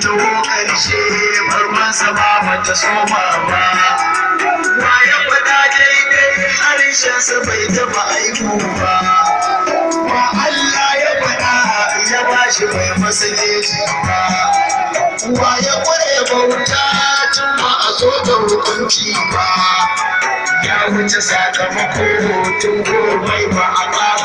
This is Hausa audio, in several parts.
taho ƙarshe barwansa ba bata soma ba bayan faɗa daidai harshensa bai taba aiku ba ba Allah ya faɗa ya bashi bai masa keji ba wa ya kware bauta tun ba a zo da hukunci ba ya wuce sakamako tun gobe ba a ƙara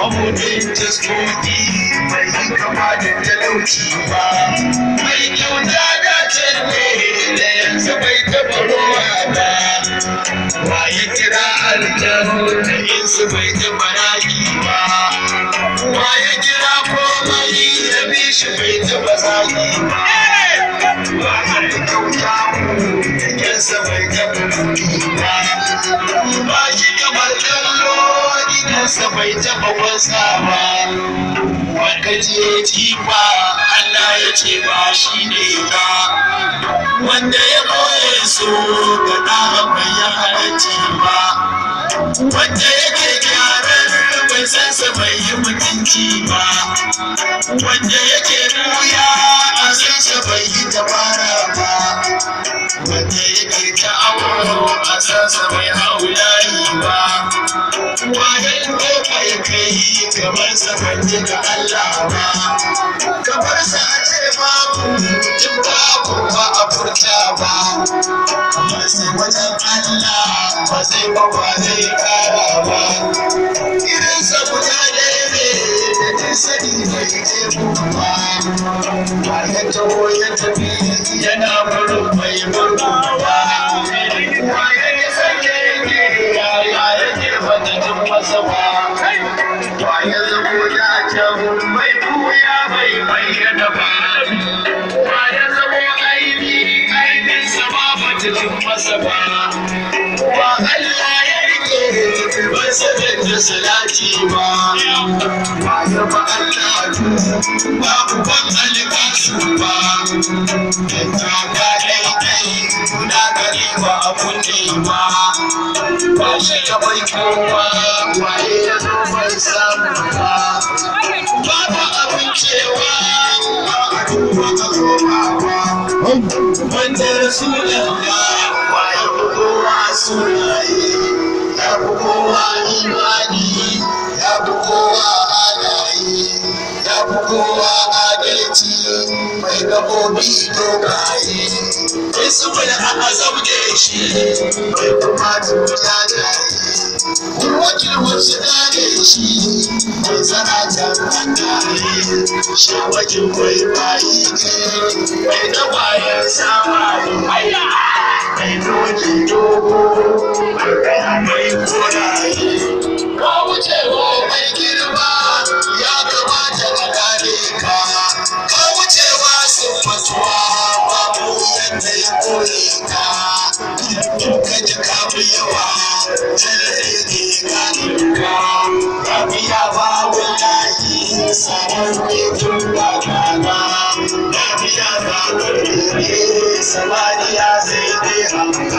mabuɗin taskoki mai yi kama da talauci ba mai kyauta da canne da yanzu bai taɓa ruwa ba wa ya kira aljanu da yanzu bai taɓa raki ba wa ya kira komai ya bi shi bai taɓa zaki ba sa bai taɓa wansa ba wanda jifa Allah ya ce ba shi ne ba wanda ya koye su ga ɗaha bai ya halarci ba wanda yake gyaran bai san sa bai yi mutunci ba wanda yake buya a san sa bai yi dabara ba wanda yake ta'awo a san sa bai yi ba wajen ɗauka ya kai kamar sa kan ga Allah ba kamar sa a ce babu in babu ba a furta ba kamar sa wajen Allah ba zai ba ba zai kara ba irin sa guda ɗaya ne da jin sani bai je ba ba ya ya tafi yana barin bai barin Allah ya rike ba da salati ba ba ya ba Allah ba ku ban alika su ba a ta ba dai ba abun ne ba ba shi kowa waye ya zo ba babu abin cewa a duba a ba ba kowa rasulullahi ya fi imani ya fi kowa halaye ya fi kowa adalci mai gabobi dogaye kai su bada a azab mai kuma tuta da yi wakil wasu da da shi mai zara jami'an da yi shawakin kwai bayi ne mai sabon titin bakana na biya ba ne, samaniya sai dai